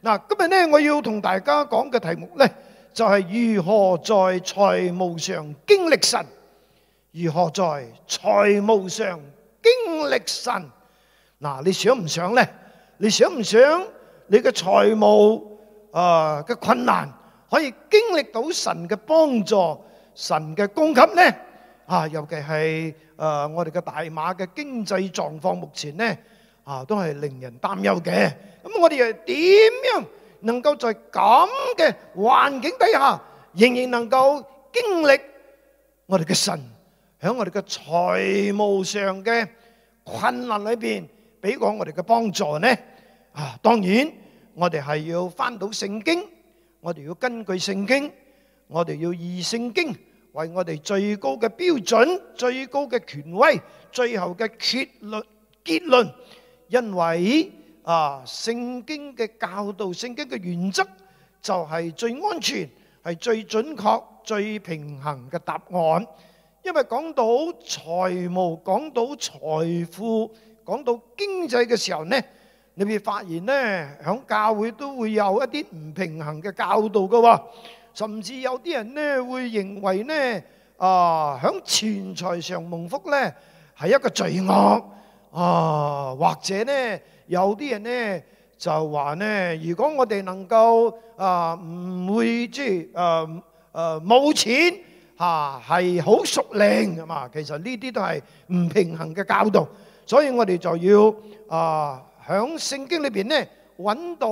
嗱，今日呢我要同大家講嘅題目呢，就係如何在財務上經歷神？如何在財務上經歷神？嗱，你想唔想呢？你想唔想你嘅財務啊嘅困難可以經歷到神嘅幫助、神嘅供給呢？啊，尤其係啊我哋嘅大馬嘅經濟狀況目前呢。啊，都係令人擔憂嘅。咁我哋又點樣能夠在咁嘅環境底下，仍然能夠經歷我哋嘅神喺我哋嘅財務上嘅困難裏邊俾過我哋嘅幫助呢？啊，當然我哋係要翻到聖經，我哋要根據聖經，我哋要以聖經為我哋最高嘅標準、最高嘅權威、最後嘅結論結論。因為啊，聖經嘅教導、聖經嘅原則就係最安全、係最準確、最平衡嘅答案。因為講到財務、講到財富、講到經濟嘅時候呢，你會發現呢，響教會都會有一啲唔平衡嘅教導㗎喎，甚至有啲人呢會認為呢，啊，響錢財上蒙福呢係一個罪惡。啊，或者呢，有啲人呢就話呢，如果我哋能夠啊，唔會即係誒誒冇錢嚇，係好熟靈啊嘛。其實呢啲都係唔平衡嘅教導，所以我哋就要啊喺聖經裏邊呢揾到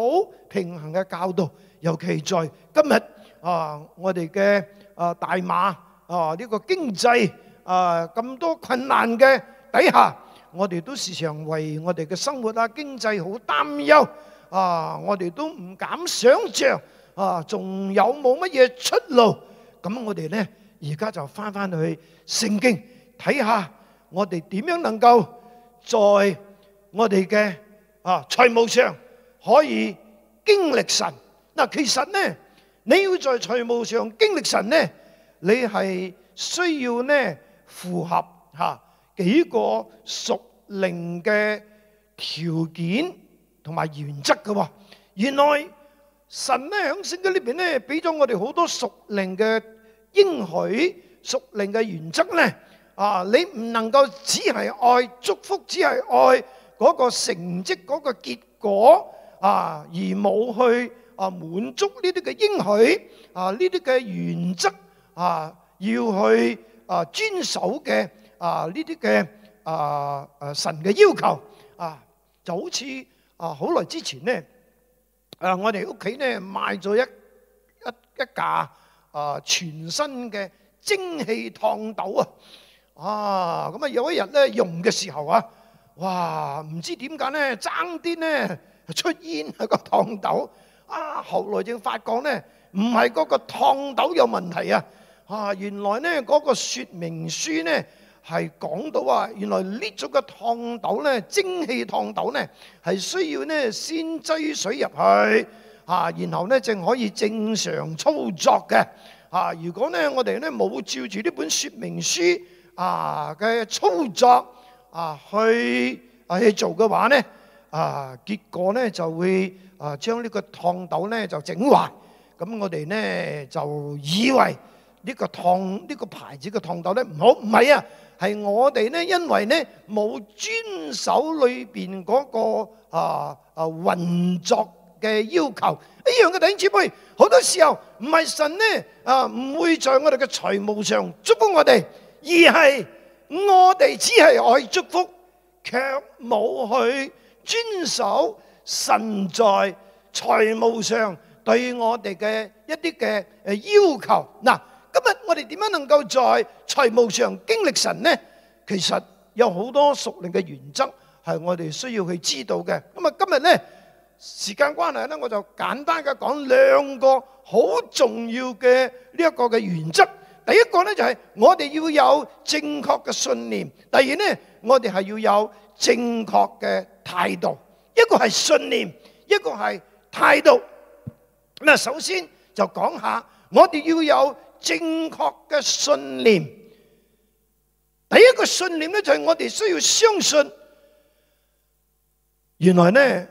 平衡嘅教導，尤其在今日啊，我哋嘅啊大馬啊呢個經濟啊咁多困難嘅底下。我哋都時常為我哋嘅生活啊、經濟好擔憂啊，我哋都唔敢想象啊，仲有冇乜嘢出路？咁我哋呢，而家就返返去聖經睇下，我哋點樣能夠在我哋嘅啊財務上可以經歷神？嗱，其實呢，你要在財務上經歷神呢，你係需要呢符合吓。幾個屬靈嘅條件同埋原則嘅喎，原來神咧響聖經呢邊咧俾咗我哋好多屬靈嘅應許、屬靈嘅原則咧。啊，你唔能夠只係愛祝福，只係愛嗰個成績、嗰個結果啊，而冇去啊滿足呢啲嘅應許啊，呢啲嘅原則啊，要去啊遵守嘅。啊！呢啲嘅啊啊神嘅要求啊，就好似啊好耐之前呢，誒、啊、我哋屋企呢賣咗一一,一架啊全新嘅蒸汽熨斗啊，啊咁啊有一日呢，用嘅時候啊，哇唔知點解呢，爭啲呢，出煙，係嗰個熨斗，啊後來就發覺呢，唔係嗰個熨斗有問題啊，啊原來呢嗰、嗰個說明書呢。係講到啊，原來呢種嘅熨斗呢，蒸汽熨斗呢，係需要呢先擠水入去啊，然後呢，正可以正常操作嘅啊。如果呢，我哋呢冇照住呢本說明書啊嘅操作啊去啊去做嘅話呢啊，結果呢就會啊將呢個熨斗呢就整壞。咁我哋呢，就以為。呢個糖，呢個牌子嘅糖豆咧唔好，唔係啊，係我哋咧，因為咧冇遵守裏邊嗰個啊啊運作嘅要求。呢樣嘅弟兄姊妹好多時候唔係神咧啊，唔會在我哋嘅財務上祝福我哋，而係我哋只係愛祝福，卻冇去遵守神在財務上對我哋嘅一啲嘅誒要求嗱。今日我哋點樣能夠在財務上經歷神呢？其實有好多屬靈嘅原則係我哋需要去知道嘅。咁啊，今日呢時間關係呢，我就簡單嘅講兩個好重要嘅呢一個嘅原則。第一個呢就係我哋要有正確嘅信念；第二呢，我哋係要有正確嘅態度。一個係信念，一個係態度。咁啊，首先就講下我哋要有。正確嘅信念，第一個信念咧就係我哋需要相信，原來呢，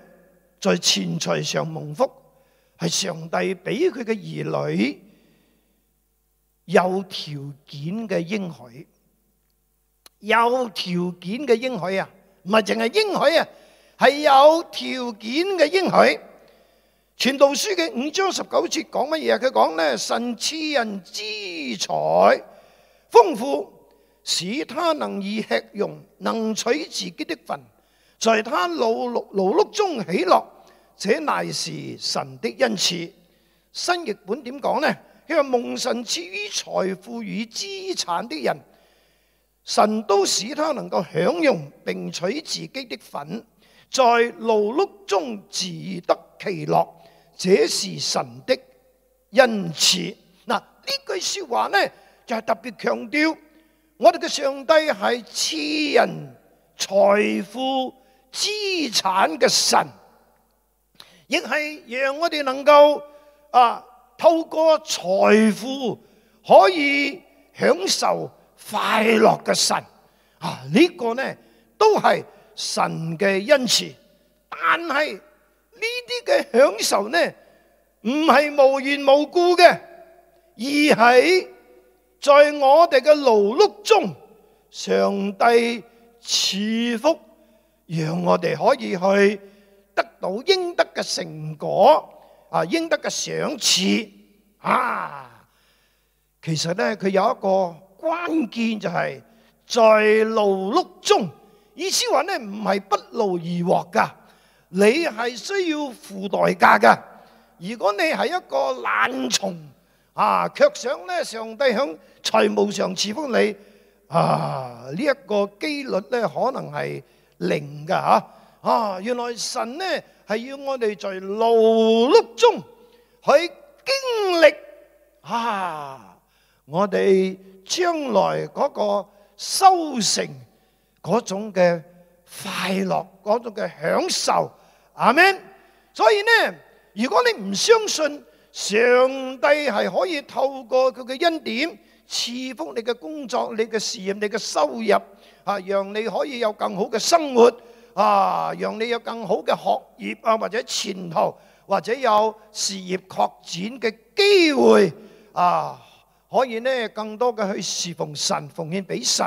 在錢財上蒙福，係上帝俾佢嘅兒女有條件嘅應許，有條件嘅應許啊，唔係淨係應許啊，係有條件嘅應許。傳道書嘅五章十九節講乜嘢？佢講呢，神賜人資財豐富，使他能以吃用，能取自己的份，在他勞碌勞碌中喜樂，這乃是神的恩賜。新譯本點講呢？佢話，蒙神賜予財富與資產的人，神都使他能夠享用並取自己的份，在勞碌中自得其樂。這是神的恩慈。嗱，呢句説話呢，就係特別強調，我哋嘅上帝係賜人財富資產嘅神，亦係讓我哋能夠啊透過財富可以享受快樂嘅神。啊，呢個呢，都係神嘅恩慈，但係，呢啲嘅享受呢，唔係無緣無故嘅，而係在我哋嘅勞碌中，上帝賜福，讓我哋可以去得到應得嘅成果，啊，應得嘅賞賜。啊，其實呢，佢有一個關鍵就係在勞碌中，意思話呢，唔係不勞而獲噶。你係需要付代價㗎。如果你係一個懶蟲，啊，卻想咧上帝喺財務上賜福你，啊，呢一個機率咧可能係零㗎吓。啊，原來神咧係要我哋在勞碌中去經歷啊，我哋將來嗰個收成嗰種嘅快樂，嗰種嘅享受。阿們。所以呢，如果你唔相信上帝係可以透過佢嘅恩典賜福你嘅工作、你嘅事業、你嘅收入，啊，讓你可以有更好嘅生活，啊，讓你有更好嘅學業啊，或者前途，或者有事業擴展嘅機會，啊，可以呢，更多嘅去侍奉神、奉獻俾神，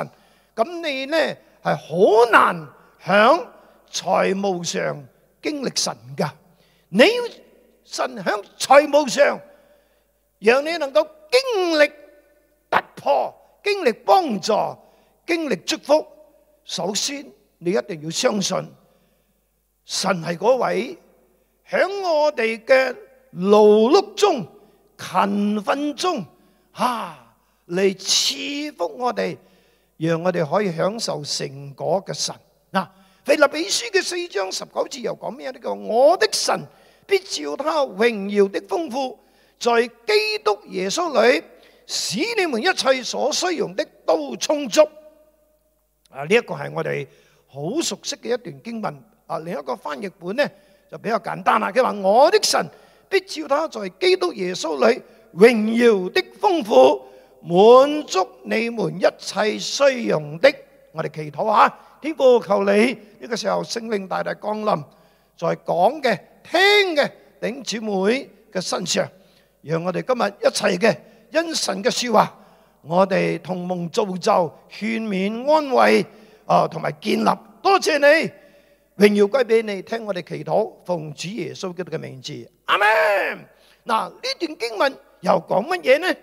咁你呢係好難響財務上。經歷神噶，你要神響財務上，讓你能夠經歷突破、經歷幫助、經歷祝福。首先，你一定要相信神係嗰位響我哋嘅勞碌中、勤奮中，啊，嚟賜福我哋，讓我哋可以享受成果嘅神嗱。《腓立比書》嘅四章十九節又講咩呢？個我的神必照祂榮耀的豐富，在基督耶穌裏使你們一切所需用的都充足。啊，呢一個係我哋好熟悉嘅一段經文。啊，另一個翻譯本呢就比較簡單啦。佢話我的神必照祂在基督耶穌裏榮耀的豐富，滿足你們一切需用的。我哋祈禱下。天父，求你呢個時候聖靈大大降臨在講嘅聽嘅弟兄姐妹嘅身上，讓我哋今日一齊嘅因神嘅說話，我哋同蒙造就、勸勉、安慰啊，同埋建立。多謝你，榮耀歸俾你。聽我哋祈禱，奉主耶穌基督嘅名字，阿門。嗱，呢段經文又講乜嘢呢？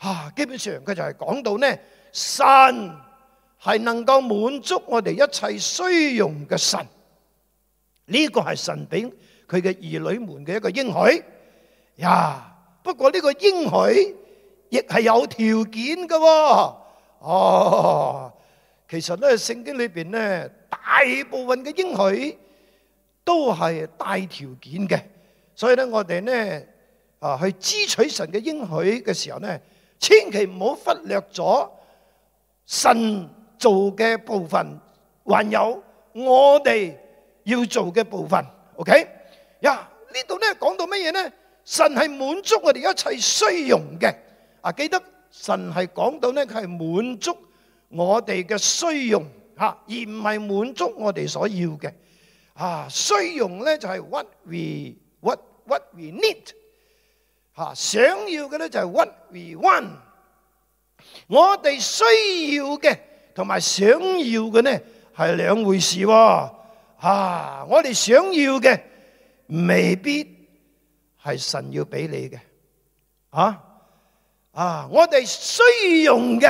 吓，基本上佢就係講到呢，神。係能夠滿足我哋一切需用嘅神，呢個係神俾佢嘅兒女們嘅一個應許呀。不過呢個應許亦係有條件㗎喎。哦，其實咧聖經裏邊呢，大部分嘅應許都係帶條件嘅，所以咧我哋呢啊去支取神嘅應許嘅時候呢，千祈唔好忽略咗神。做嘅部分，還有我哋要做嘅部分，OK？呀，呢度咧講到乜嘢咧？神係滿足我哋一切需用嘅。啊，記得神係講到咧，佢係滿足我哋嘅需用嚇，而唔係滿足我哋所要嘅。啊，需用咧就係 what we what what we need 嚇，想要嘅咧就係 what we want。我哋需要嘅。同埋想要嘅呢，係兩回事。吓，我哋想要嘅未必係神要俾你嘅，啊啊！我哋需要用嘅，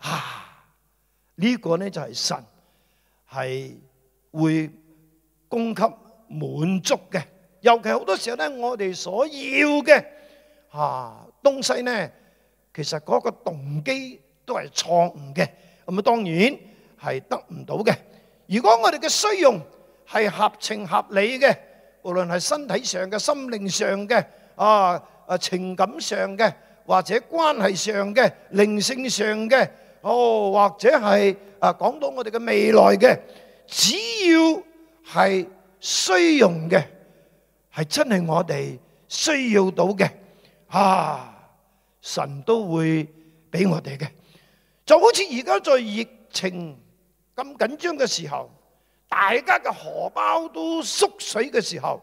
啊呢個呢就係神係會供給滿足嘅。尤其好多時候呢，我哋所要嘅啊東西呢，其實嗰個動機都係錯誤嘅。咁啊，當然係得唔到嘅。如果我哋嘅需用係合情合理嘅，無論係身體上嘅、心靈上嘅、啊啊情感上嘅，或者關係上嘅、靈性上嘅，哦，或者係啊講到我哋嘅未來嘅，只要係需用嘅，係真係我哋需要到嘅，啊，神都會俾我哋嘅。就好似而家在疫情咁緊張嘅時候，大家嘅荷包都縮水嘅時候，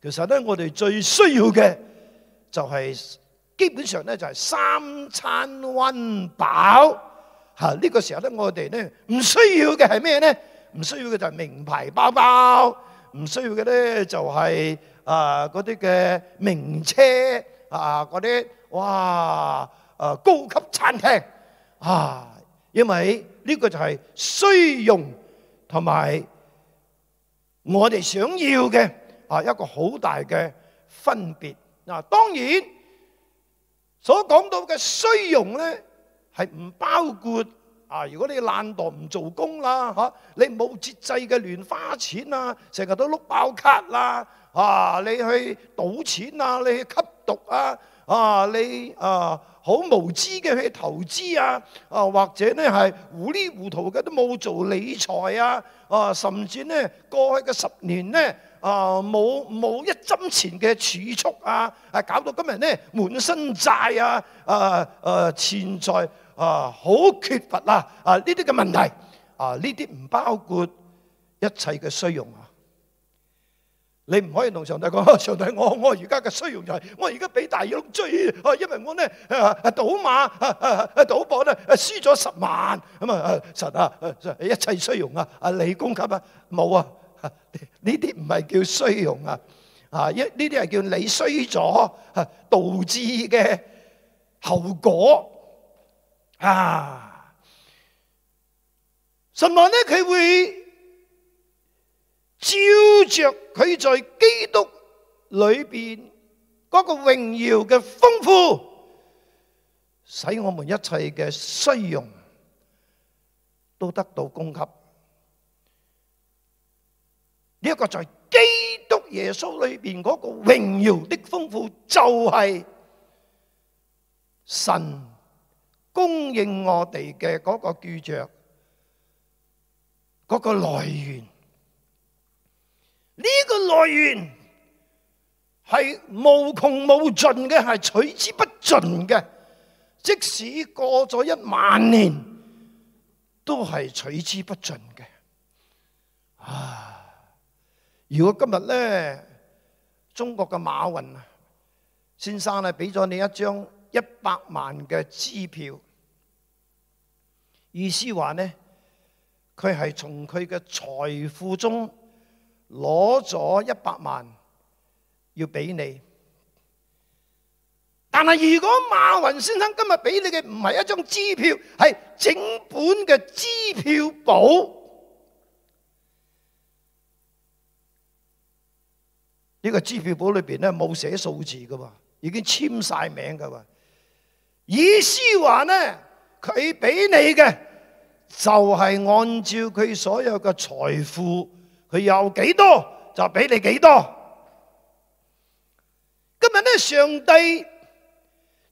其實呢，我哋最需要嘅就係基本上呢，就係三餐溫飽嚇。呢個時候呢，我哋呢唔需要嘅係咩呢？唔需要嘅就係名牌包包，唔需要嘅呢就係啊嗰啲嘅名車啊嗰啲哇啊高級餐廳。啊，因為呢個就係需要，同埋我哋想要嘅啊一個好大嘅分別啊。當然所講到嘅需要咧，係唔包括啊。如果你懶惰唔做工啦，嚇、啊、你冇節制嘅亂花錢啊，成日都碌爆卡啦，啊你去賭錢啊，你去吸毒啊，啊你啊～好無知嘅去投資啊！啊，或者呢係糊裏糊塗嘅都冇做理財啊！啊，甚至呢過去嘅十年呢，啊，冇冇一針錢嘅儲蓄啊！啊，搞到今日呢滿身債啊！啊啊，錢財啊好缺乏啦！啊，呢啲嘅問題啊，呢啲唔包括一切嘅需要用。你唔可以同上帝講，上帝，我我而家嘅需用就係我而家俾大勇追，啊，因為我咧啊賭馬啊啊啊賭博咧，啊輸咗十萬，咁啊，神啊，一切需用啊，啊你供給啊，冇啊，呢啲唔係叫需用啊，啊一呢啲係叫你衰咗，嚇導致嘅後果啊，神啊，呢佢會。照着佢在基督裏邊嗰個榮耀嘅豐富，使我們一切嘅需要都得到供給。呢一個在基督耶穌裏邊嗰個榮耀的豐富，就係神供應我哋嘅嗰個據着，嗰個來源。呢個來源係無窮無盡嘅，係取之不盡嘅。即使過咗一萬年，都係取之不盡嘅。啊！如果今日呢，中國嘅馬雲啊先生咧，俾咗你一張一百萬嘅支票，意思話呢，佢係從佢嘅財富中。攞咗一百萬要俾你，但係如果馬雲先生今日俾你嘅唔係一張支票，係整本嘅支票簿。呢個支票簿裏邊咧冇寫數字㗎喎，已經簽晒名㗎喎。意思話呢，佢俾你嘅就係按照佢所有嘅財富。佢有幾多就俾你幾多。今日呢，上帝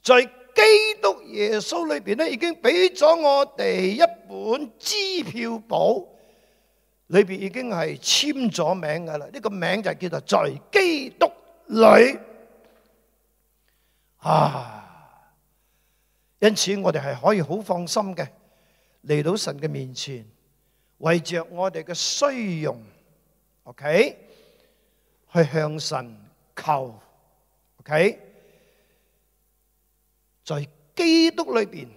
在基督耶穌裏邊呢，已經俾咗我哋一本支票簿，裏邊已經係簽咗名㗎喇。呢個名就叫做在基督裏。啊，因此我哋係可以好放心嘅嚟到神嘅面前，為着我哋嘅需用。O.K. 去向神求。O.K. 在基督裏邊，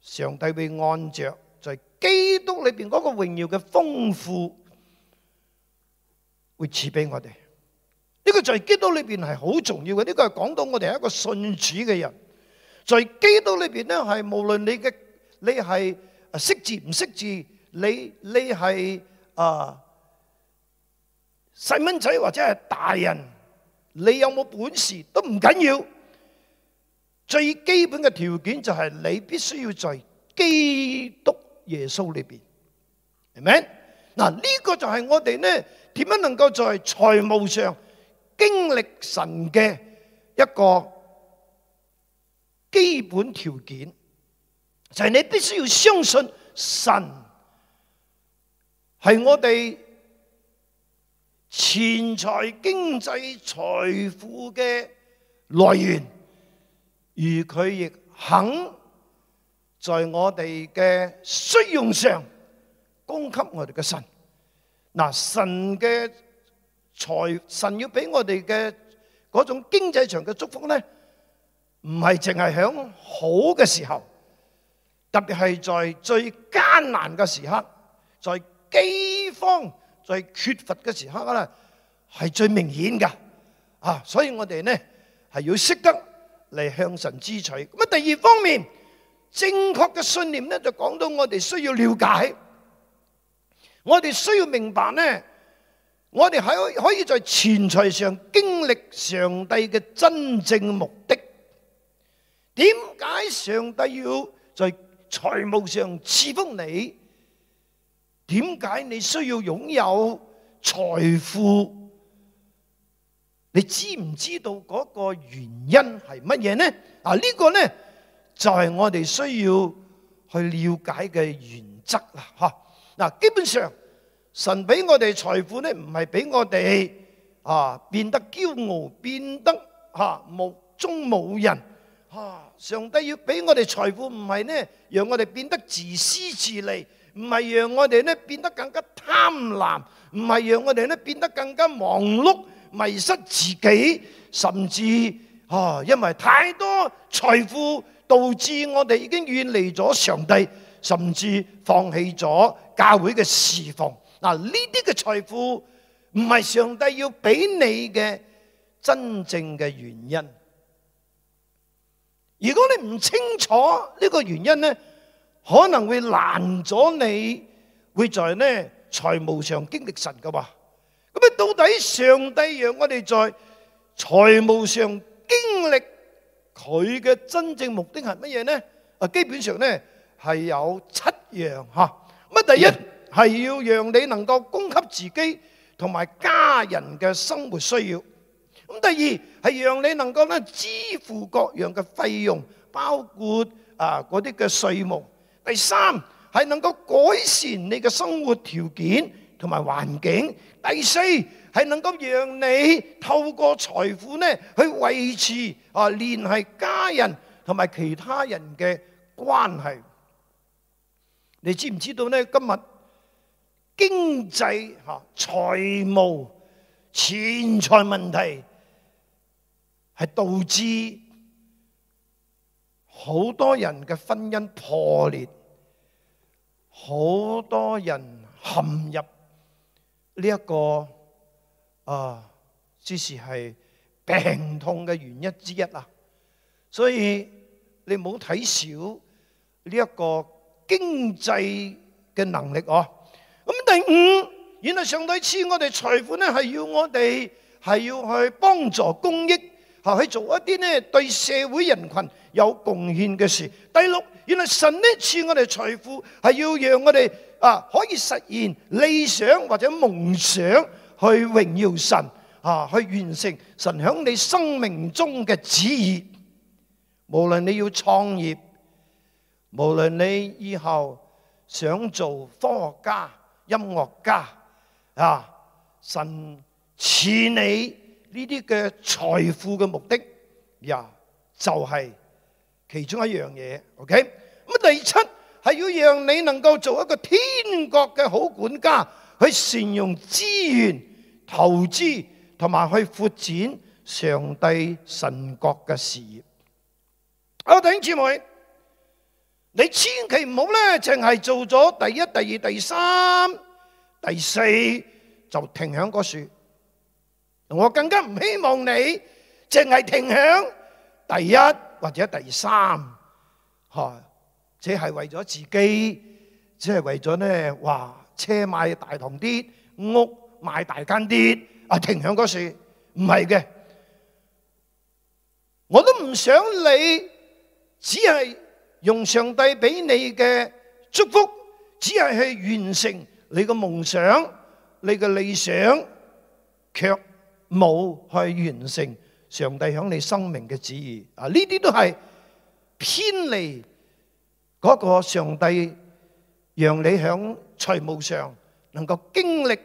上帝會按着在、就是、基督裏邊嗰個榮耀嘅豐富，會賜俾我哋呢、這個。在基督裏邊係好重要嘅。呢、這個係講到我哋係一個信主嘅人，在、就是、基督裏邊呢係無論你嘅你係識字唔識字，你你係啊。呃細蚊仔或者係大人，你有冇本事都唔緊要。最基本嘅條件就係你必須要在基督耶穌裏邊，明唔明？嗱，呢個就係我哋咧點樣能夠在財務上經歷神嘅一個基本條件，就係你必須要相信神係我哋。錢財、經濟、財富嘅來源，而佢亦肯在我哋嘅需用上供給我哋嘅神。嗱，神嘅財，神要俾我哋嘅嗰種經濟上嘅祝福咧，唔係淨係響好嘅時候，特別係在最艱難嘅時刻，在饑荒，在缺乏嘅時刻咧，係最明顯嘅啊！所以我哋咧係要識得嚟向神支取。咁啊，第二方面正確嘅信念咧，就講到我哋需要了解，我哋需要明白咧，我哋喺可以在錢財上經歷上帝嘅真正目的。點解上帝要在財務上賜福你？點解你需要擁有財富？你知唔知道嗰個原因係乜嘢呢？嗱，呢個呢就係我哋需要去了解嘅原則啦，吓嗱。基本上，神俾我哋財富呢，唔係俾我哋啊變得驕傲，變得吓目中無人。吓，上帝要俾我哋財富，唔係呢讓我哋變得自私自利。唔係讓我哋咧變得更加貪婪，唔係讓我哋咧變得更加忙碌，迷失自己，甚至啊，因為太多財富導致我哋已經遠離咗上帝，甚至放棄咗教會嘅侍奉。嗱、啊，呢啲嘅財富唔係上帝要俾你嘅真正嘅原因。如果你唔清楚呢個原因咧，可能會難咗你，會在呢財務上經歷神嘅話，咁啊到底上帝讓我哋在財務上經歷佢嘅真正目的係乜嘢呢？啊基本上呢係有七樣嚇。咁啊第一係要讓你能夠供給自己同埋家人嘅生活需要。咁第二係讓你能夠呢支付各樣嘅費用，包括啊嗰啲嘅稅務。第三係能夠改善你嘅生活條件同埋環境。第四係能夠讓你透過財富咧去維持啊聯繫家人同埋其他人嘅關係。你知唔知道呢？今日經濟吓、財務、錢財問題係導致好多人嘅婚姻破裂，好多人陷入呢、這、一個啊，即是係病痛嘅原因之一啊。所以你冇睇少呢一個經濟嘅能力哦。咁、啊、第五，原來上帝賜我哋財富咧，係要我哋係要去幫助公益。去做一啲咧對社會人群有貢獻嘅事。第六，原來神呢賜我哋財富，係要讓我哋啊可以實現理想或者夢想，去榮耀神啊，去完成神響你生命中嘅旨意。無論你要創業，無論你以後想做科學家、音樂家啊，神賜你。呢啲嘅財富嘅目的，呀就係其中一樣嘢，OK。咁第七係要讓你能夠做一個天國嘅好管家，去善用資源、投資同埋去發展上帝神國嘅事業。啊，弟兄姊妹，你千祈唔好咧，淨係做咗第一、第二、第三、第四就停喺嗰度。我更加唔希望你淨係停響第一或者第三，吓，即係為咗自己，即係為咗咧，哇，車買大堂啲，屋買大間啲，啊，停響嗰樹，唔係嘅，我都唔想你，只係用上帝俾你嘅祝福，只係去完成你個夢想、你個理想，卻。冇去完成上帝喺你生命嘅旨意啊！呢啲都係偏離嗰個上帝讓你喺財務上能夠經歷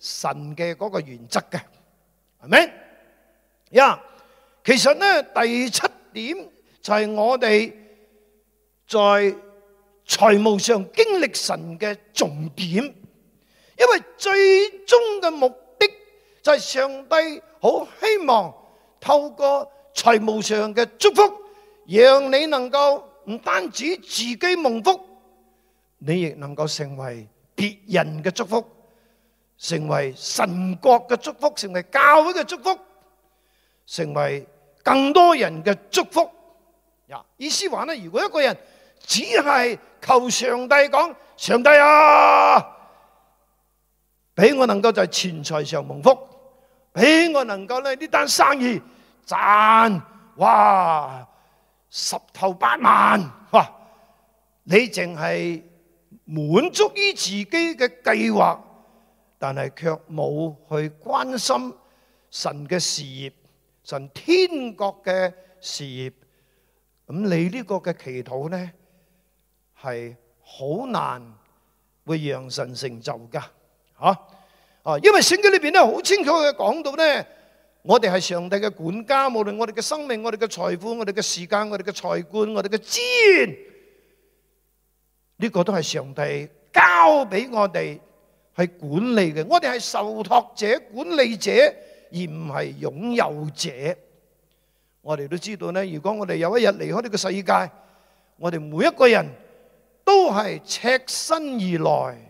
神嘅嗰個原則嘅，係咪？呀，其實咧第七點就係我哋在財務上經歷神嘅重點，因為最終嘅目的。就係、是、上帝好希望透過財務上嘅祝福，讓你能夠唔單止自己蒙福，你亦能夠成為別人嘅祝福，成為神國嘅祝福，成為教會嘅祝福，成為更多人嘅祝福。呀、yeah.，意思話咧，如果一個人只係求上帝講，上帝啊，俾我能夠在錢財上蒙福。畀我能夠咧呢單生意賺，哇，十頭八萬哇！你淨係滿足於自己嘅計劃，但係卻冇去關心神嘅事業，神天國嘅事業。咁你呢個嘅祈禱咧，係好難會讓神成就噶，吓。啊，因為聖經裏邊咧好清楚講到咧，我哋係上帝嘅管家，無論我哋嘅生命、我哋嘅財富、我哋嘅時間、我哋嘅才幹、我哋嘅資源，呢個都係上帝交俾我哋去管理嘅。我哋係受託者、管理者，而唔係擁有者。我哋都知道咧，如果我哋有一日離開呢個世界，我哋每一個人都係赤身而來。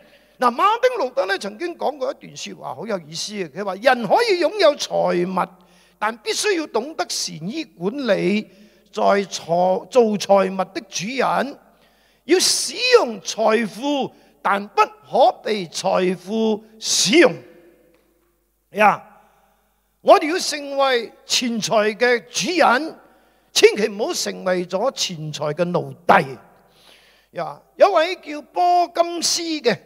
嗱，馬丁路德咧曾經講過一段説話，好有意思嘅。佢話：人可以擁有財物，但必須要懂得善於管理，在財做財物的主人，要使用財富，但不可被財富使用。呀，我哋要成為錢財嘅主人，千祈唔好成為咗錢財嘅奴隸。呀，有位叫波金斯嘅。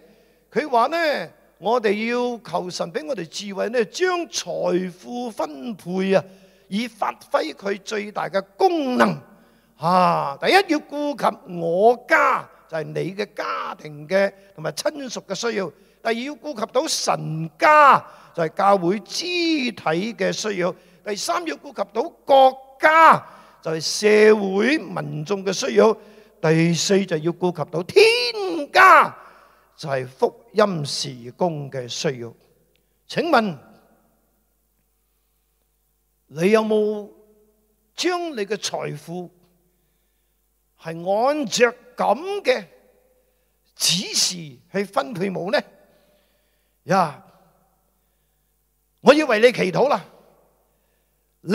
佢話呢，我哋要求神俾我哋智慧呢，將財富分配啊，以發揮佢最大嘅功能啊。第一要顧及我家，就係你嘅家庭嘅同埋親屬嘅需要；第二要顧及到神家，就係教會肢體嘅需要；第三要顧及到國家，就係社會民眾嘅需要；第四就要顧及到天家。就係福音事工嘅需要。請問你有冇將你嘅財富係按著咁嘅指示去分配冇呢？呀！我要為你祈禱啦。你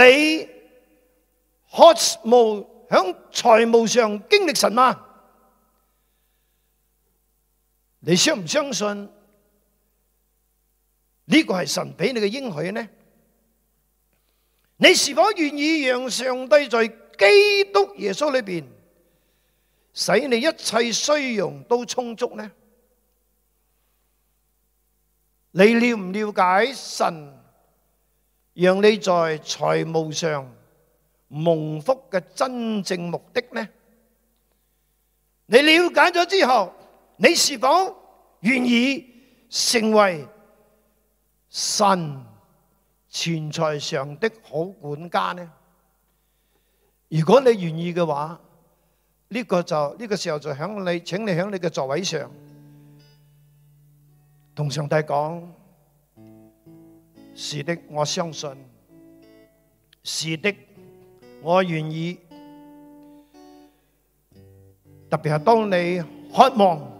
渴望響財務上經歷神嗎？你相唔相信呢個係神俾你嘅應許呢？你是否願意讓上帝在基督耶穌裏邊使你一切需用都充足呢？你了唔了解神讓你在財務上蒙福嘅真正目的呢？你了解咗之後，你是否願意成為神錢財上的好管家呢？如果你願意嘅話，呢、這個就呢、這個時候就響你，請你響你嘅座位上同上帝講：是的，我相信；是的，我願意。特別係當你渴望。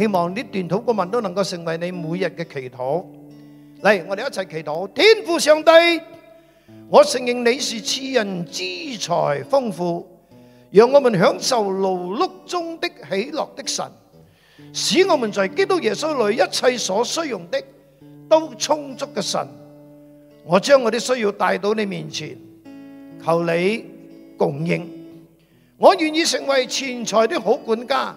希望呢段土國民都能夠成為你每日嘅祈禱。嚟，我哋一齊祈禱。天父上帝，我承認你是賜人資財豐富，讓我們享受勞碌中的喜樂的神，使我們在基督耶穌裏一切所需用的都充足嘅神。我將我嘅需要帶到你面前，求你供應。我願意成為錢財的好管家。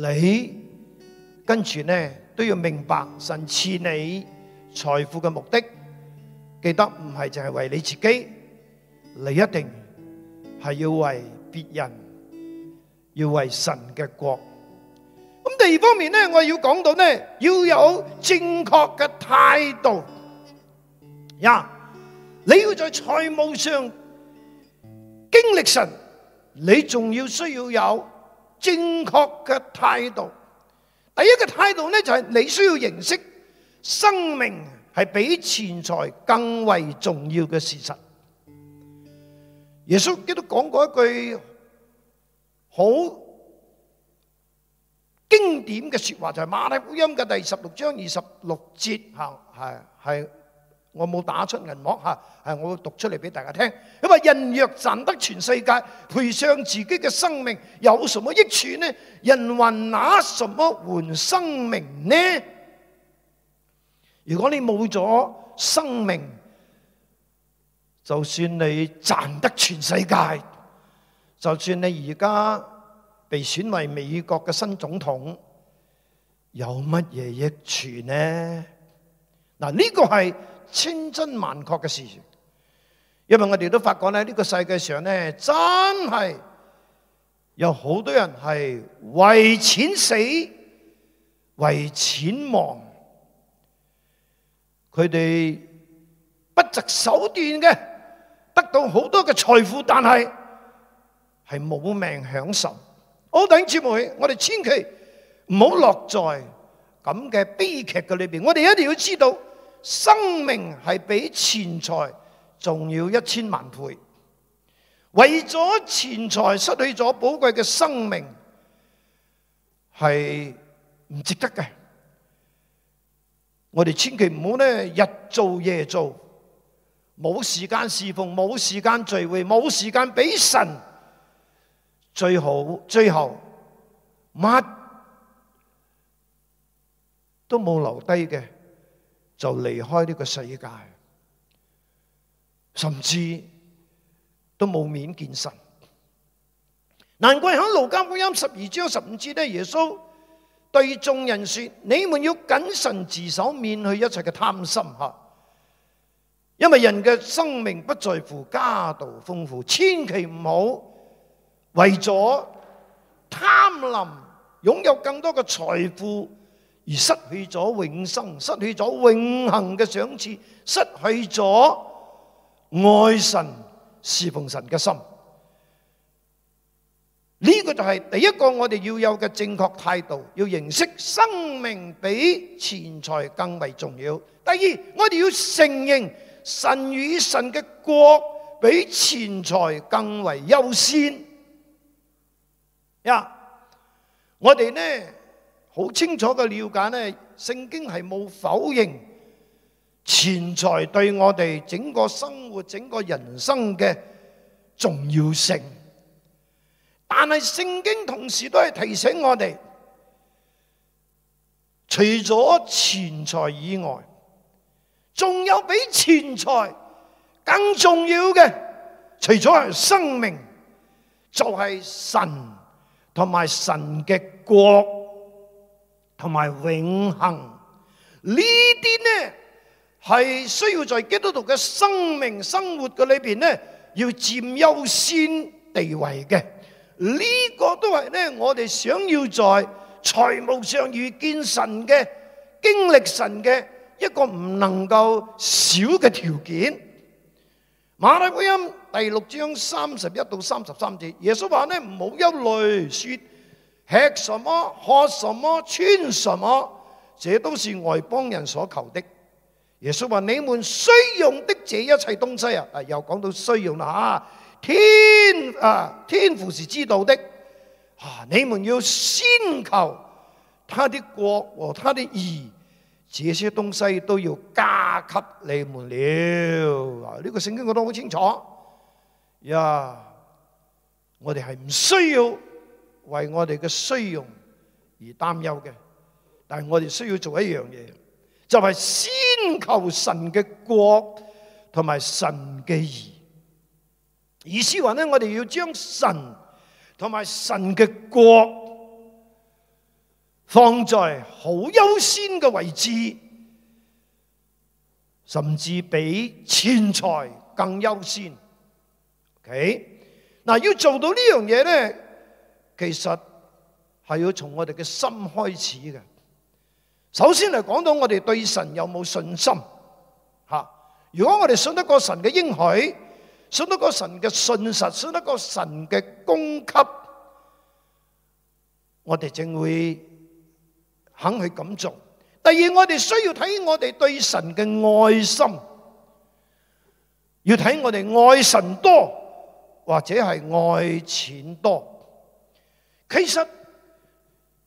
你跟住呢都要明白神賜你財富嘅目的，記得唔係淨係為你自己，你一定係要為別人，要為神嘅國。咁第二方面呢，我要講到呢，要有正確嘅態度。呀，你要在財務上經歷神，你仲要需要有。正確嘅態度，第一個態度咧就係你需要認識生命係比錢財更為重要嘅事實。耶穌基督講過一句好經典嘅說話，就係、是《馬太福音》嘅第十六章二十六節，係係我冇打出銀幕嚇，係我讀出嚟俾大家聽。因為人若賺得全世界，賠上自己嘅生命有什麼益處呢？人還拿什麼換生命呢？如果你冇咗生命，就算你賺得全世界，就算你而家被選為美國嘅新總統，有乜嘢益處呢？嗱，呢個係。千真萬確嘅事情，因為我哋都發覺咧，呢個世界上咧真係有好多人係為錢死、為錢亡，佢哋不擇手段嘅得到好多嘅財富，但係係冇命享受。好，弟兄姊妹，我哋千祈唔好落在咁嘅悲劇嘅裏邊，我哋一定要知道。生命係比錢財重要一千萬倍，為咗錢財失去咗寶貴嘅生命，係唔值得嘅。我哋千祈唔好呢，日做夜做，冇時間侍奉，冇時間聚會，冇時間俾神，最好，最後，乜都冇留低嘅。就離開呢個世界，甚至都冇面見神。難怪喺路加福音十二章十五節呢，耶穌對眾人說：你們要謹慎自守，免去一切嘅貪心！因為人嘅生命不在乎家道豐富，千祈唔好為咗貪婪擁有更多嘅財富。而失去咗永生，失去咗永恒嘅賞賜，失去咗愛神侍奉神嘅心，呢個就係第一個我哋要有嘅正確態度，要認識生命比錢財更為重要。第二，我哋要承認神與神嘅國比錢財更為優先。呀，我哋呢？好清楚嘅了解呢，聖經係冇否認錢財對我哋整個生活、整個人生嘅重要性。但係聖經同時都係提醒我哋，除咗錢財以外，仲有比錢財更重要嘅，除咗係生命，就係神同埋神嘅國。同埋永恆呢啲呢係需要在基督徒嘅生命生活嘅裏邊呢要佔優先地位嘅。呢、這個都係呢，我哋想要在財務上遇見神嘅經歷神嘅一個唔能夠少嘅條件。馬太福音第六章三十一到三十三節，耶穌話呢，唔好憂慮，說。喫什麼、喝什麼、穿什麼，這都是外邦人所求的。耶穌話：你們需用的這一切東西啊，啊，又講到需用啦啊。天啊，天父是知道的啊。你們要先求他的國和他的義，這些東西都要加給你們了。啊，呢個聖經我都好清楚呀。Yeah, 我哋係唔需要。為我哋嘅需用而擔憂嘅，但係我哋需要做一樣嘢，就係、是、先求神嘅國同埋神嘅義。意思話咧，我哋要將神同埋神嘅國放在好優先嘅位置，甚至比錢財更優先。OK，嗱，要做到呢樣嘢咧。其實係要從我哋嘅心開始嘅。首先嚟講到我哋對神有冇信心吓。如果我哋信得過神嘅應許，信得過神嘅信實，信得過神嘅供給，我哋正會肯去咁做。第二，我哋需要睇我哋對神嘅愛心，要睇我哋愛神多，或者係愛錢多。其實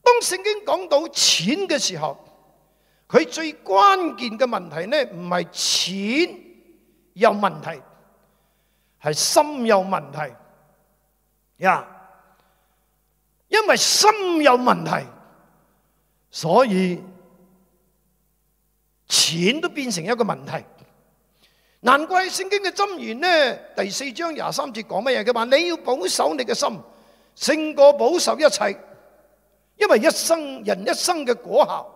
當聖經講到錢嘅時候，佢最關鍵嘅問題咧唔係錢有問題，係心有問題。呀，因為心有問題，所以錢都變成一個問題。難怪聖經嘅箴言咧第四章廿三節講乜嘢？佢話你要保守你嘅心。勝過保守一切，因為一生人一生嘅果效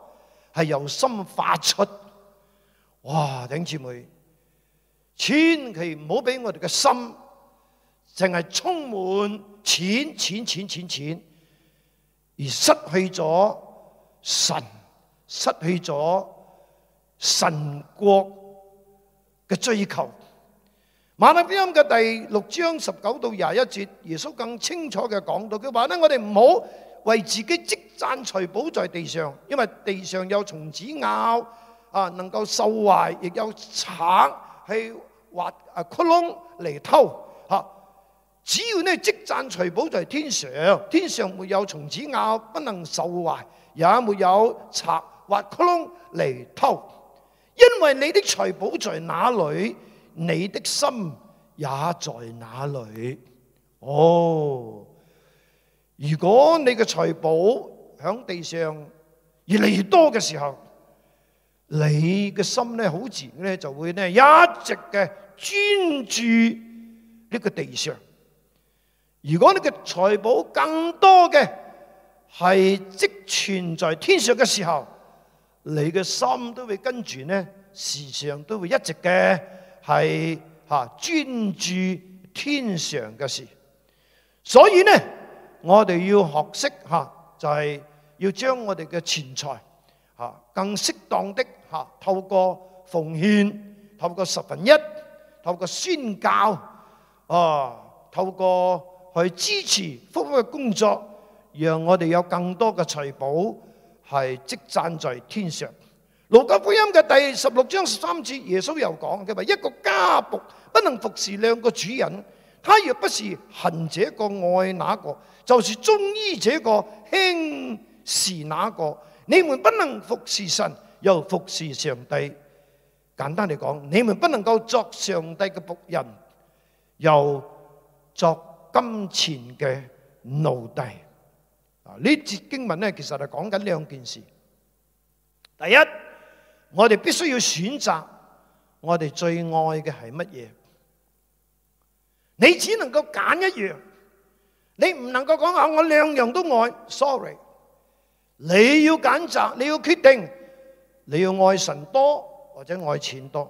係由心發出。哇！頂住妹，千祈唔好俾我哋嘅心淨係充滿錢錢錢錢錢，而失去咗神，失去咗神國嘅追求。馬太福音嘅第六章十九到廿一節，耶穌更清楚嘅講到，佢話咧：我哋唔好為自己積攢財寶在地上，因為地上有蟲子咬，啊能夠受壞，亦有賊去挖啊窟窿嚟偷。吓，只要呢積攢財寶在天上，天上沒有蟲子咬，不能受壞，也沒有賊挖窟窿嚟偷。因為你的財寶在哪裡？你的心也在哪裡哦。如果你嘅財寶喺地上越嚟越多嘅時候，你嘅心咧，好自然咧就會咧一直嘅專注呢個地上。如果你嘅財寶更多嘅係積存在天上嘅時候，你嘅心都會跟住咧，時常都會一直嘅。係哈專注天上嘅事，所以呢，我哋要學識哈，就係要將我哋嘅錢財哈更適當的哈透過奉獻，透過十分一，透過宣教，哦，透過去支持福音嘅工作，讓我哋有更多嘅財寶係積攢在天上。路加福音嘅第十六章十三節，耶穌又講：佢話一個家僕不能服侍兩個主人，他若不是恨這個愛那個，就是忠於這個輕視那個。你們不能服侍神又服侍上帝。簡單嚟講，你們不能夠作上帝嘅僕人，又作金錢嘅奴隸。啊，呢節經文呢，其實係講緊兩件事，第一，我哋必須要選擇，我哋最愛嘅係乜嘢？你只能夠揀一樣，你唔能夠講話我兩樣都愛。Sorry，你要揀擇，你要決定，你要愛神多或者愛錢多。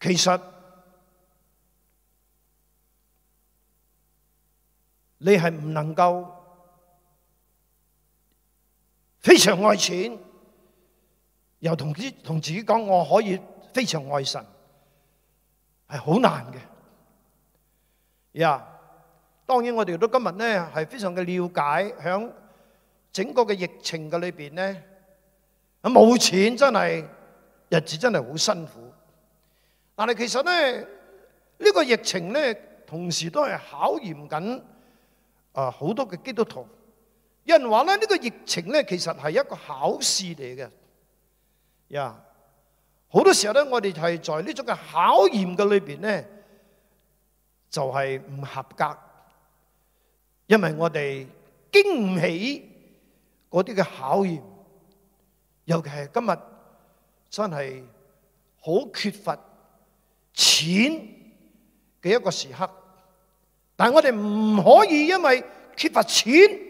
其實你係唔能夠。非常愛錢，又同啲同自己講，我可以非常愛神，係好難嘅。呀、yeah，當然我哋都今日呢，係非常嘅了解，響整個嘅疫情嘅裏邊呢，冇錢真係日子真係好辛苦。但係其實呢，呢、呢個疫情呢，同時都係考驗緊啊好多嘅基督徒。有人話咧，呢個疫情咧其實係一個考試嚟嘅。呀，好多時候咧，我哋係在呢種嘅考驗嘅裏邊咧，就係唔合格，因為我哋經唔起嗰啲嘅考驗，尤其係今日真係好缺乏錢嘅一個時刻，但係我哋唔可以因為缺乏錢。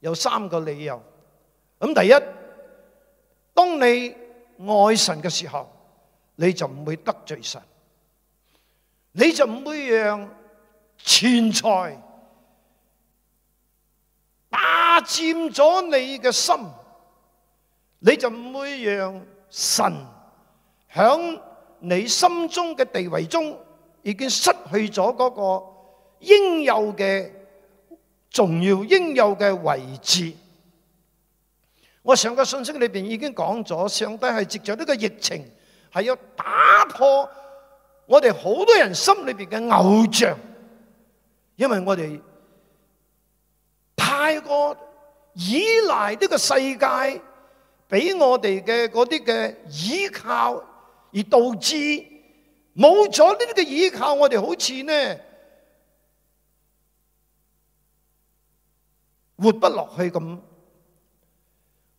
有三個理由。咁第一，當你愛神嘅時候，你就唔會得罪神，你就唔會讓錢財霸佔咗你嘅心，你就唔會讓神響你心中嘅地位中已經失去咗嗰個應有嘅。重要應有嘅位置，我上個信息裏邊已經講咗，上帝係藉著呢個疫情係要打破我哋好多人心裏邊嘅偶像，因為我哋太過依賴呢個世界俾我哋嘅嗰啲嘅依靠，而導致冇咗呢啲嘅依靠，我哋好似呢～活不落去咁，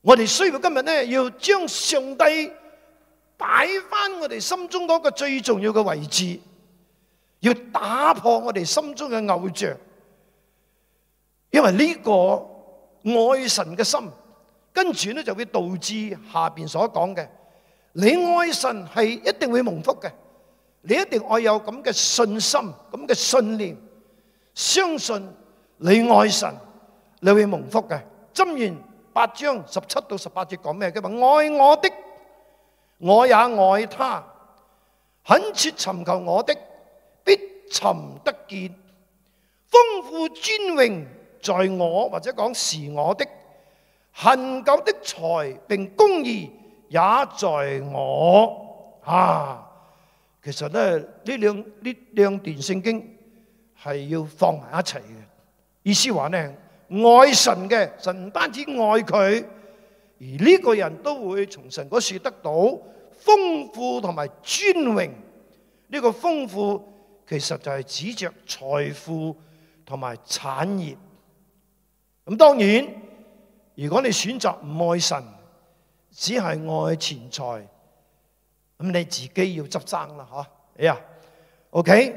我哋需要今日呢，要將上帝擺翻我哋心中嗰個最重要嘅位置，要打破我哋心中嘅偶像，因為呢個愛神嘅心，跟住呢就會導致下邊所講嘅，你愛神係一定會蒙福嘅，你一定愛有咁嘅信心，咁嘅信念，相信你愛神。你會蒙福嘅。箴言八章十七到十八節講咩？佢話愛我的，我也愛他。懇切尋求我的，必尋得見。豐富尊榮在我，或者講是我的恆久的財並公義也在我啊。其實咧，呢兩呢兩段聖經係要放埋一齊嘅意思話呢。愛神嘅，神唔單止愛佢，而呢個人都會從神嗰處得到豐富同埋尊榮。呢、這個豐富其實就係指著財富同埋產業。咁當然，如果你選擇唔愛神，只係愛錢財，咁你自己要執生啦，吓，哎、yeah. 呀，OK，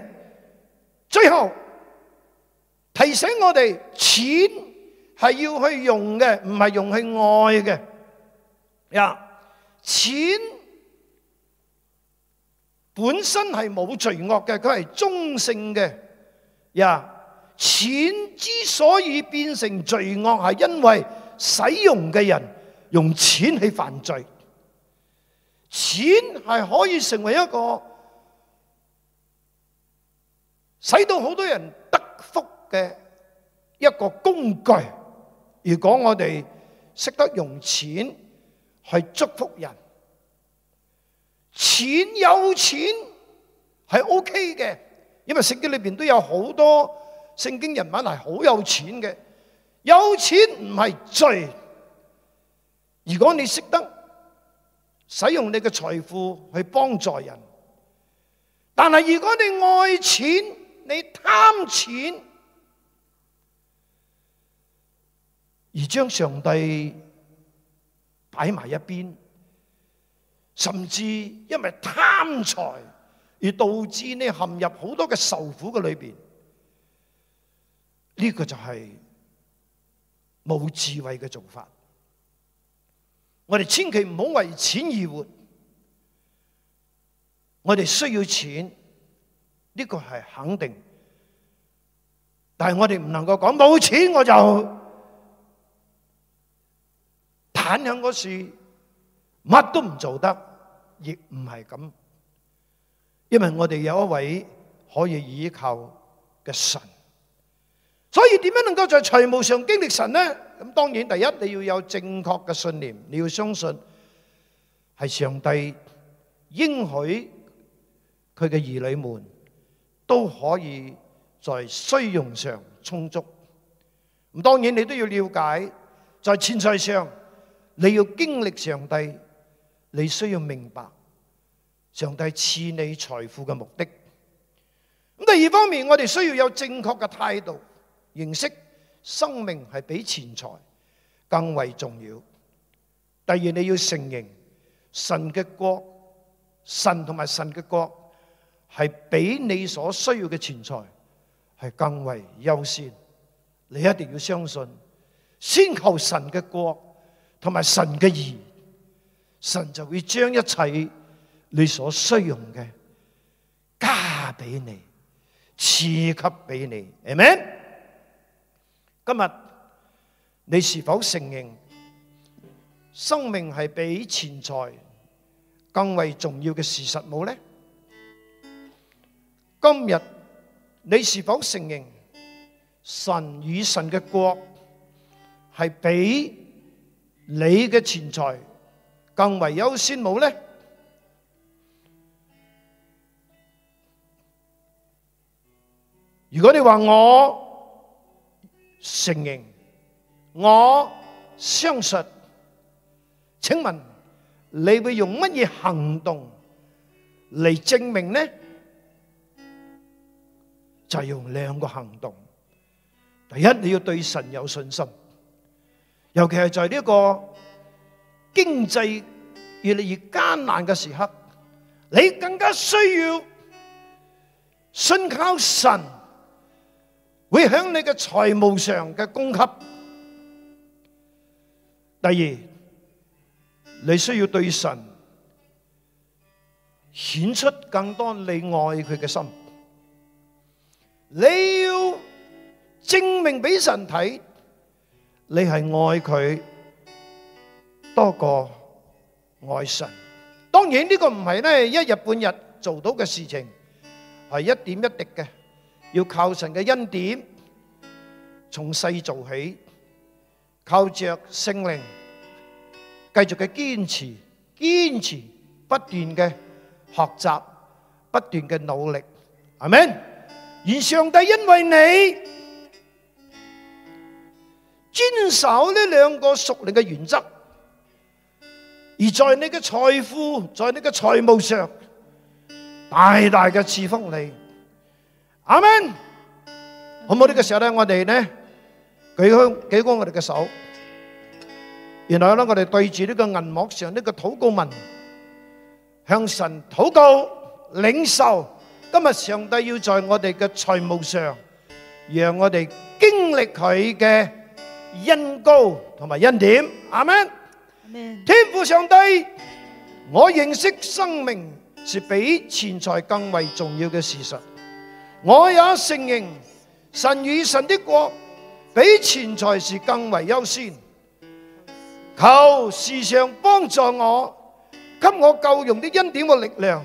最後。提醒我哋，錢係要去用嘅，唔係用去愛嘅。呀，錢本身係冇罪惡嘅，佢係中性嘅。呀，錢之所以變成罪惡，係因為使用嘅人用錢去犯罪。錢係可以成為一個，使到好多人得。嘅一個工具，如果我哋識得用錢去祝福人，錢，有錢係 OK 嘅，因為《聖經》裏面都有好多聖經人物係好有錢嘅。有錢唔係罪，如果你識得使用你嘅財富去幫助人，但係如果你愛錢，你貪錢，而將上帝擺埋一邊，甚至因為貪財而導致你陷入好多嘅受苦嘅裏邊，呢個就係冇智慧嘅做法。我哋千祈唔好為錢而活，我哋需要錢，呢個係肯定，但係我哋唔能夠講冇錢我就。揀響嗰事，乜都唔做得，亦唔係咁，因為我哋有一位可以倚靠嘅神，所以點樣能夠在財務上經歷神呢？咁當然第一你要有正確嘅信念，你要相信係上帝應許佢嘅兒女們都可以在需用上充足。咁當然你都要了解，在錢財上。你要經歷上帝，你需要明白上帝賜你財富嘅目的。第二方面，我哋需要有正確嘅態度，認識生命係比錢財更為重要。第二，你要承認神嘅國，神同埋神嘅國係比你所需要嘅錢財係更為優先。你一定要相信，先求神嘅國。同埋神嘅義，神就會將一切你所需要用嘅加俾你，賜給俾你，係咪？今日你是否承認生命係比錢財更為重要嘅事實冇呢？今日你是否承認神與神嘅國係比？你嘅錢財更為優先冇呢？如果你話我承認我相信，請問你會用乜嘢行動嚟證明呢？就係用兩個行動。第一，你要對神有信心。尤其係在呢一個經濟越嚟越艱難嘅時刻，你更加需要信靠神，會響你嘅財務上嘅供給。第二，你需要對神顯出更多你愛佢嘅心，你要證明俾神睇。你係愛佢多過愛神，當然呢個唔係呢一日半日做到嘅事情，係一點一滴嘅，要靠神嘅恩典，從細做起，靠着聖靈，繼續嘅堅持，堅持，不斷嘅學習，不斷嘅努力，阿門。而上帝因為你。遵守呢兩個屬靈嘅原則，而在你嘅財富，在你嘅財務上大大嘅賜福你。阿門。好冇呢個時候咧，我哋咧舉起舉起我哋嘅手，然後咧我哋對住呢個銀幕上呢個禱告文，向神禱告，領受今日上帝要在我哋嘅財務上，讓我哋經歷佢嘅。恩高同埋恩典，阿們，天父上帝，我認識生命是比錢財更為重要嘅事實。我也承認神與神的國比錢財是更為優先。求時常幫助我，給我夠用的恩典和力量，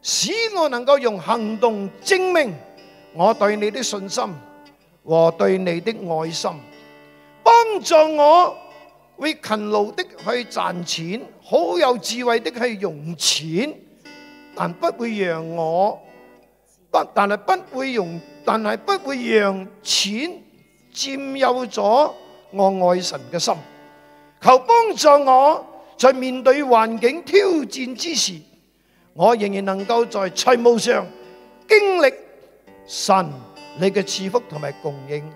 使我能夠用行動證明我對你的信心和對你的愛心。幫助我會勤勞的去賺錢，好，好有智慧的去用錢，但不會讓我不，但係不會用，但係不會讓錢佔有咗我愛神嘅心。求幫助我，在面對環境挑戰之時，我仍然能夠在財務上經歷神你嘅賜福同埋供應。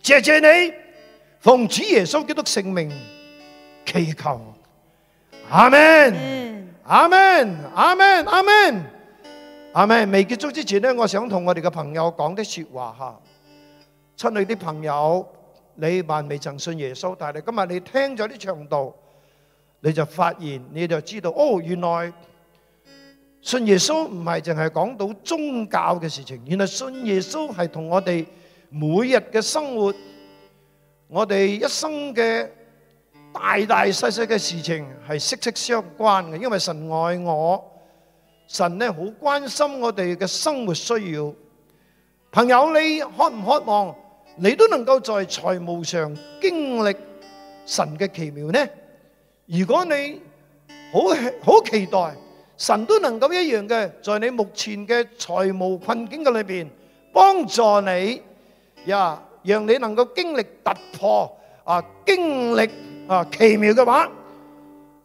謝謝你。奉主耶穌基督聖命，祈求，阿門，阿門，阿門，阿門，阿門。未結束之前呢，我想同我哋嘅朋友講啲說話吓。親愛啲朋友，你還未曾信耶穌，但係你今日你聽咗啲長道，你就發現你就知道哦，原來信耶穌唔係淨係講到宗教嘅事情，原來信耶穌係同我哋每日嘅生活我哋一生嘅大大細細嘅事情係息息相關嘅，因為神愛我，神呢好關心我哋嘅生活需要。朋友，你渴唔渴望，你都能夠在財務上經歷神嘅奇妙呢？如果你好好期待，神都能夠一樣嘅，在你目前嘅財務困境嘅裏邊幫助你呀。讓你能夠經歷突破啊，經歷啊奇妙嘅話，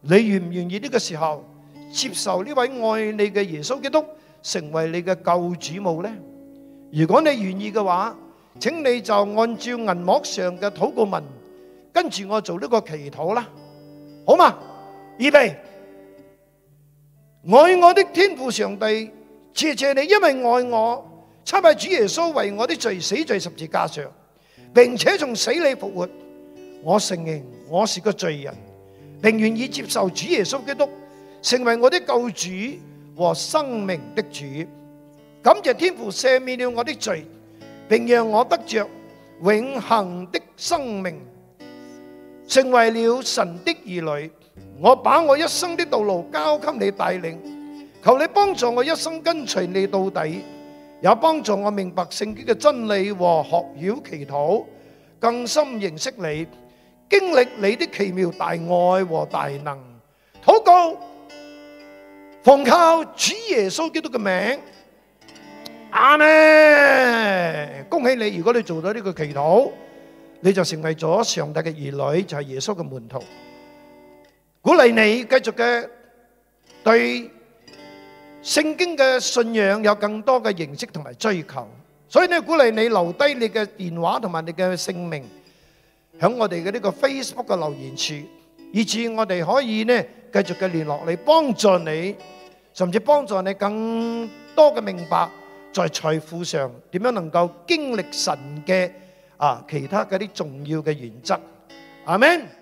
你願唔願意呢個時候接受呢位愛你嘅耶穌基督成為你嘅救主母呢？如果你願意嘅話，請你就按照銀幕上嘅禱告文跟住我做呢個祈禱啦，好嘛？預備，愛我的天父上帝，謝謝你，因為愛我，差派主耶穌為我的罪死在十字架上。並且從死裏復活，我承認我是個罪人，並願意接受主耶穌基督成為我的救主和生命的主。感謝天父赦免了我的罪，並讓我得着永恒的生命，成為了神的兒女。我把我一生的道路交給你帶領，求你幫助我一生跟隨你到底。也幫助我明白聖經嘅真理和學曉祈禱，更深認識你，經歷你的奇妙大愛和大能。禱告，奉靠主耶穌基督嘅名，阿們！恭喜你，如果你做咗呢個祈禱，你就成為咗上帝嘅兒女，就係耶穌嘅門徒。鼓勵你繼續嘅對。聖經嘅信仰有更多嘅形式同埋追求，所以呢，鼓勵你留低你嘅電話同埋你嘅姓名，喺我哋嘅呢個 Facebook 嘅留言處，以致我哋可以呢繼續嘅聯絡你，幫助你，甚至幫助你更多嘅明白，在財富上點樣能夠經歷神嘅啊其他嗰啲重要嘅原則，阿們。